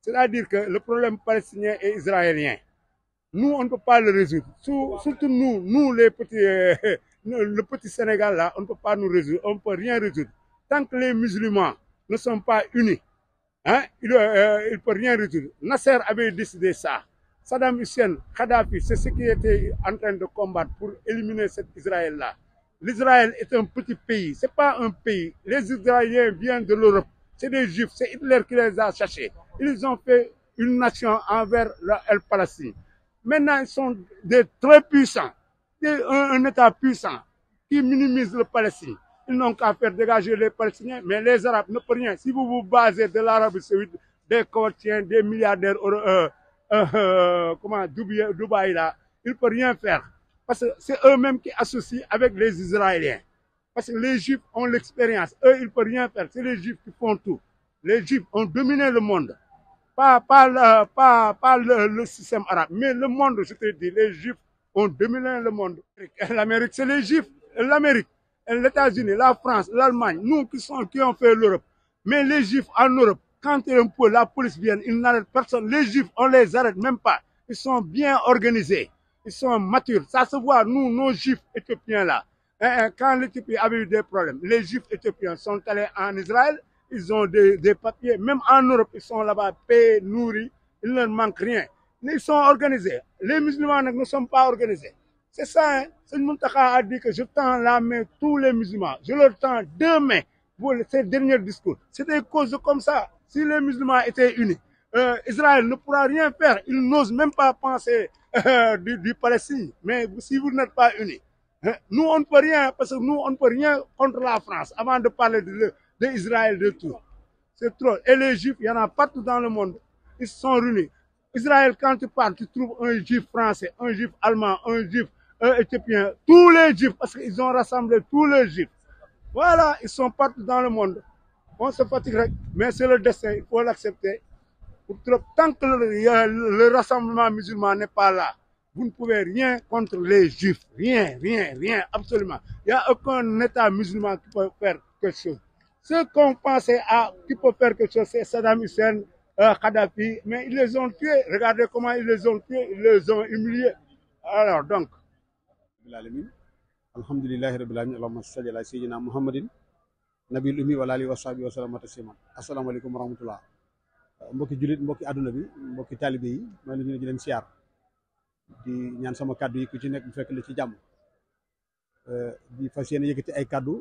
C'est-à-dire que le problème palestinien et israélien, nous, on ne peut pas le résoudre. Surtout nous, nous les petits, euh, le petit Sénégal là, on ne peut pas nous résoudre, on ne peut rien résoudre. Tant que les musulmans ne sont pas unis, hein, ils ne euh, euh, rien résoudre. Nasser avait décidé ça. Saddam Hussein, Kadhafi, c'est ce qui était en train de combattre pour éliminer cet Israël-là. L'Israël est un petit pays, ce n'est pas un pays. Les Israéliens viennent de l'Europe c'est des juifs, c'est Hitler qui les a cherchés. Ils ont fait une nation envers la, Palestine. Maintenant, ils sont des très puissants, un, un, État puissant qui minimise le Palestine. Ils n'ont qu'à faire dégager les Palestiniens, mais les Arabes ne peuvent rien. Si vous vous basez de l'Arabie saoudite, des courtiers, des milliardaires, euh, euh, euh, euh Dubaï, ils ne peuvent rien faire. Parce que c'est eux-mêmes qui associent avec les Israéliens. Parce que les Juifs ont l'expérience. Eux, ils ne peuvent rien faire. C'est les Juifs qui font tout. Les Juifs ont dominé le monde. Pas, pas, le, pas, pas le, système arabe, mais le monde, je te dis. Les Juifs ont dominé le monde. L'Amérique, c'est les Juifs. L'Amérique, les États-Unis, la France, l'Allemagne, nous qui, sont, qui ont fait l'Europe. Mais les Juifs en Europe, quand un peu la police vient, ils n'arrêtent personne. Les Juifs, on les arrête même pas. Ils sont bien organisés. Ils sont matures. Ça se voit, nous, nos Juifs éthiopiens là quand l'Éthiopie avait eu des problèmes, les Juifs éthiopiens hein, sont allés en Israël, ils ont des, papiers, même en Europe, ils sont là-bas payés, nourris, il ne leur manque rien. Ils sont organisés. Les musulmans ne sont pas organisés. C'est ça, hein. Moutaka a dit que je tends la main tous les musulmans. Je leur tends deux mains pour ces derniers discours. C'est des causes comme ça. Si les musulmans étaient unis, euh, Israël ne pourra rien faire. Ils n'osent même pas penser euh, du, du Palestine. Mais si vous n'êtes pas unis, Hein? Nous, on ne peut rien, parce que nous, on peut rien contre la France avant de parler d'Israël de, Israël de tout. C'est trop. Et les juifs, il y en a partout dans le monde. Ils se sont réunis. Israël, quand tu parles, tu trouves un juif français, un juif allemand, un juif éthiopien, tous les juifs, parce qu'ils ont rassemblé tous les juifs. Voilà, ils sont partout dans le monde. On se fatigue, mais c'est le destin, il faut l'accepter. Tant que le rassemblement musulman n'est pas là, vous ne pouvez rien contre les juifs. Rien, rien, rien, absolument. Il n'y a aucun État musulman qui peut faire quelque chose. Ce qu'on pensait à qui peut faire quelque chose, c'est Saddam Hussein, euh, Kadhafi, mais ils les ont tués. Regardez comment ils les ont tués, ils les ont humiliés. Alors donc. di ñaan sama kàddu yi ku ci nekk bu fekk la ci jàmm eh, di fas yéene ci ay kàddu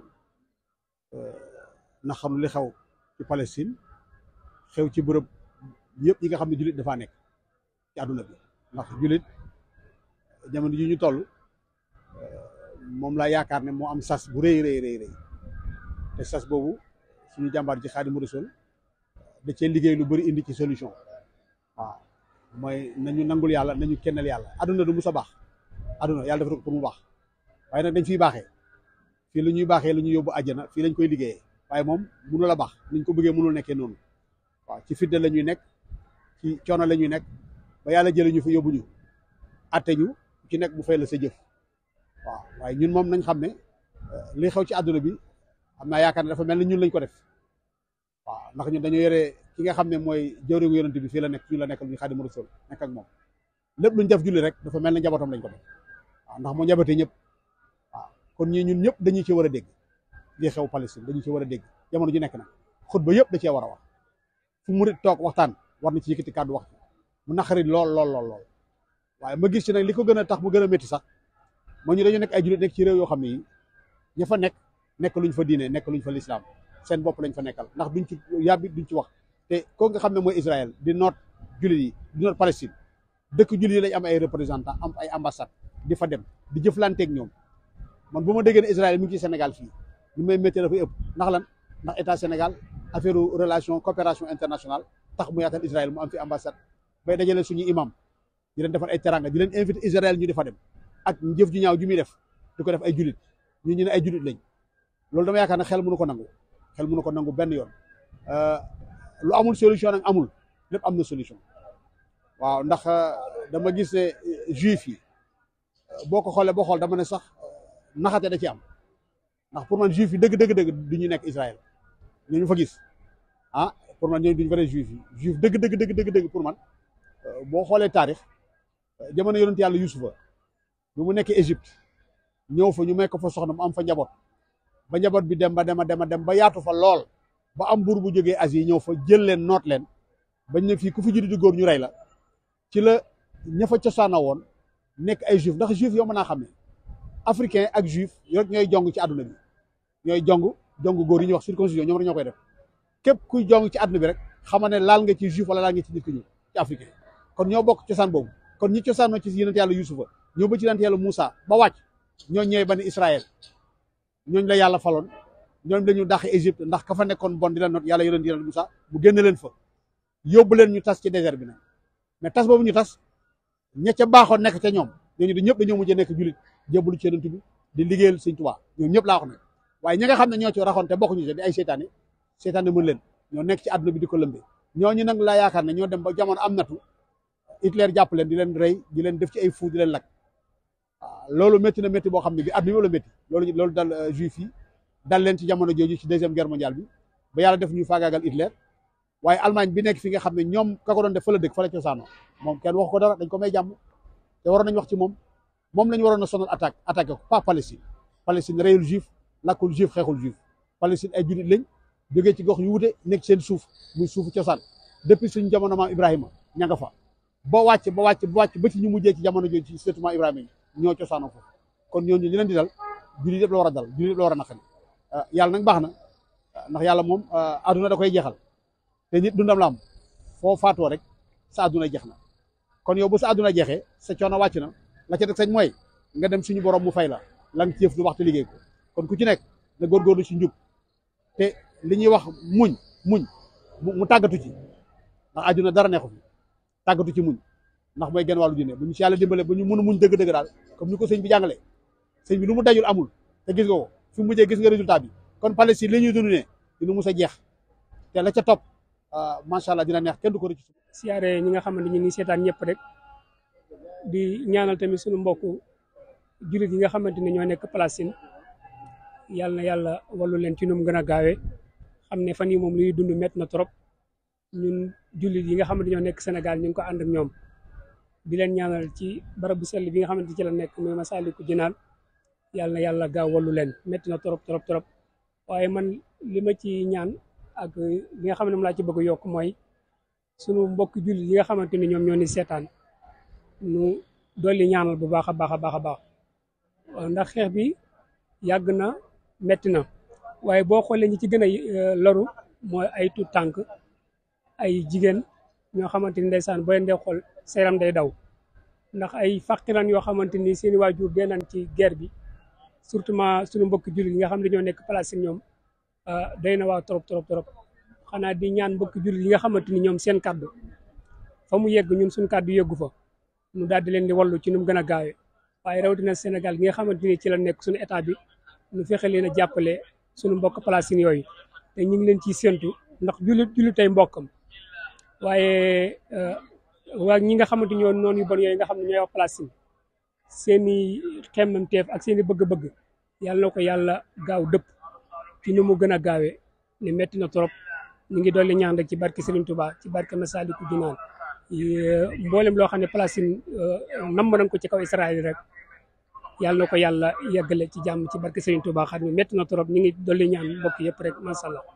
eh, na xam li xew ci Palestine xew ci bërëb yëpp yi nga xam ne jullit dafaa nekk ci àdduna bi ndax jullit jamono ji ñu toll eh, moom laa yaakaar ne moo am sas bu rëy rëy rëy te sas boobu suñu jàmbaar ci Xaadimu Rasuul da cee liggéey lu bëri indi ci solution waaw mooy nañu nangul yàlla nañu kennal yàlla aduna du mus a baax aduna yàlla dafa ko pour mu baax waaye nag dañ fiy baaxee fii lu ñuy baaxee lu ñuy yóbbu àjjana fii lañ koy liggéeyee waaye moom mënul a baax nañ ko bëggee mënul nekkee noonu waaw ci fitna la ñuy nekk ci coono la ñuy nekk ba yàlla jëlee ñu fi yóbbu ñu atte ñu ci nekk bu fay la sa jëf waaw waaye ñun moom nañ xam ne eh, li xew ci àdduna bi am naa yaakaar ne dafa mel na ñun lañ ko def waaw ndax ñun ki nga xamne moy mooy jëwriñu yonent bi fi la nek fi la nek lu ñu rasul nek ak mom lepp luñu def julli rek dafa melni jabatam lañ ko def ndax mo jabaté ñep kon ñi ñun ñep dañuy ci wara dégg li xew Palestine dañuy ci wara dégg jamono ju nek na khutba yëpp da ci wara wax fu murid tok waxtan war na ci yëkëti kaddu wax mu naxari lol lol lol lol waye ma gis ci nak liko gëna tax bu gëna metti sax mo ñu dañu nek ay julli nek ci rew yo xamni ñafa nek nek luñ fa diiné nek luñ fa l'islam seen bop lañ fa nekkal ndax duñ ci yabi duñ ci wax te koo nga xam ne mooy Israël di noot jullit yi di noot Palestine dëkk jullit yi lañ am ay représentant am ay ambassade di fa dem di jëf jëflanteeg ñoom man bu ma déggee ne Israël mi ngi ci Sénégal fii lu may métti dafay ëpp ndax lan ndax état Sénégal affaire relation coopération international tax mu yaatal Israël mu am fi ambassade bay dajale suñu imam di leen defar ay teranga di leen invité Israël ñu di dem ak jëf ju ñaaw ju muy def di ko def ay jullit ñu ñu ne ay jullit lañ loolu dama yaakaar ne xel mënu ko nangu xel mënu ko nangu benn yoon euh, lu amul solution nag amul lépp am na solution waaw ndax euh, dama gis ne euh, juif yi euh, boo ko xoolee boo xool dama ne sax naxate da ci am ndax pour man juif yi dëgg dëgg dëgg du ñu nekk Israël ñu fa gis ah pour man ñooñu duñu vrai juif yi juif dëgg dëgg dëgg dëgg dëgg pour man boo xoolee taarix jamono yonent yàlla Yusufa bi mu nekkee Égypte ñëw fa ñu mekk fa soxna mu am fa njaboot ba njaboot bi dem ba dem a dem a dem ba yaatu fa lool ba am buur bu jógee Asie ñëw fa jël leen noot leen bañ ne fii ku fi juddu di góor ñu rey la ci la ña fa cosaana woon nekk ay juif ndax juif yow mën naa xam ne africain ak juif rek ñooy jong ci àdduna bi ñooy jong jong góor yi ñuy wax circoncision ñoom rek ñoo koy def képp kuy jong ci àdduna bi rek xama ne laal nga ci juif wala laal nga ci nit ku ñuul ci africain kon ñoo bokk cosaan boobu kon ñi cosaanoo ci yonent yàlla Yuusufa ñoo ba ci yonent yàlla Muusa ba wàcc ñooñ ñooy bani Israël ñooñ la yàlla faloon ñoom la ñu dàq Égypte ndax ka fa nekkoon bon di la not yàlla yonent yàlla Moussa mu génn leen fa yóbbu leen ñu tas ci désert bi nag mais tas boobu ñu tas ña ca baaxoon nekk ca ñoom ñooñu dañ ñëpp dañoo mujjee nekk julit jébbalu ci yonent bi di liggéeyal Sëñ Tuubaa ñoom ñëpp laa wax ne waaye ñi nga xam ne ñoo ci raxoon te bokkuñu ci di ay seytaane seytaane mën leen ñoo nekk ci àdduna bi di ko lëmbee ñooñu nag laa yaakaar ne ñoo dem ba jamono am natu Hitler jàpp leen di leen rey di leen def ci ay fuu di leen lakk waaw loolu métti na métti boo xam ne bi àdduna bi la métti loolu loolu dal euh, juif yi dal leen ci jamono jooju ci deuxième guerre mondiale bi ba yàlla def ñu faagaagal Hitler waaye Allemagne bi nekk fi nga xam ne ñoom ka ko doon def fa la dëkk fa la cosaanoo moom kenn wax ko dara dañ ko may jàmm te waroon nañ wax ci moom moom lañ waroon a sonal attaque attaqué ko pas Palestine Palestine reyul juif lakkul juif xeexul juif Palestine ay jullit lañ jógee ci gox yu wute nekk seen suuf muy suuf cosaan depuis suñu jamono maam Ibrahima ña nga fa ba wàcc ba wàcc ba wàcc ñu mujjee ci jamono jooju ci surtout Ibrahima yi ñoo cosaanoo foofu kon ñooñu ñu leen di dal jullit yëpp a dal jullit a naqari Euh, yàlla nag baax na euh, ndax yàlla moom euh, àdduna da koy jeexal te nit du la am foo faatoo rek sa àdduna jeex na kon yow bu sa àdduna jeexee sa coono wàcc na la ca teg sañ mooy nga dem suñu borom mu fay la lan ceef lu waxtu liggéey ko kon ku ci nekk na góorgóorlu ci njub li ñuy wax muñ muñ mu tàggatu ci ndax àdduna dara neexu fi ci muñ ndax mooy genn wàllu diine bu ñu si yàlla dimbale bu ñu mën a muñ dëgg-dëgg daal comme ni ko sëñ bi jàngalee sëñ bi lu mu dajul amul te gis nga fi mu mujjee gis nga résultat bi kon Palestine li ñuy dund ne dina mus a jeex la ca topp ah, macha allah dina neex kenn du ko rëcc. siaré ñi nga xam ñi ni sétan ñëpp rek di ñaanal tamit suñu mbokk jurit yi nga xamante ne ñoo nekk Palestine yàlla yalla yàlla wallu leen ci num gëna gaawé a fan yi mom li dund met na trop ñun jullit yi nga xam ñoo nekk Sénégal ñu ko and ak ñom di len ñaanal ci barab bu bi nga xamante ci la nekk mooy Masaalikul Jinaan yàlla na yàlla gaaw leen métti na trop trop trop waaye man li ma ci ñaan ak li nga xam ne moom laa ci bëgg yokk mooy sunu mbokk jullit yi nga xamante ni ñoom ñoo ni seetaan nu yi ñaanal bu baax a baax a baax a baax ndax xeex bi yàgg na métti na waaye boo xoolee ñi ci gën a e, loru mooy ay tu tànk ay jigéen ñoo xamante ni ndeysaan boo leen dee xool seeram day daw ndax ay faqiran yoo xamante seeni waajur dee nañ ci guerre bi surtoutment suñu mbokk jullit yi nga xam ne dañoo nekk place ñoom ah, day na waa trop trop xanaa di ñaan mbokk jullit yi nga xamante ni ñoom seen kàddu fa mu yegg ñun suñu kàddu yeggu fa ñu daal di leen di wallu ci nu mu gën a gaawee waaye rawatina Sénégal gi nga xamante ni ci la nekk suñu état bi ñu fexe leen a jàppale suñu mbokk Palestine yooyu te ñu ngi leen ciy séntu ndax jullit jullit tey mbokkam waaye ah, waa ñi nga xamante ñoo noonu yu bon yooyu nga xam ne ñooy wax Palestine seen i xemmemteef ak seen i bëgg-bëgg yàlla na ko yàlla gaaw dëpp ci ni mu gën a gaawee ne metti na trop ñu ngi dolli ñaan rek ci barke Serigne Touba ci barke Masaliku Jinaan mboolem loo xam ne Palestine euh, namm na ko ci kaw Israël rek yàlla na ko yàlla yeggale ci jàmm ci barke Serigne Touba xam ne metti na trop ñu ngi dolli ñaan mbokk yëpp rek macha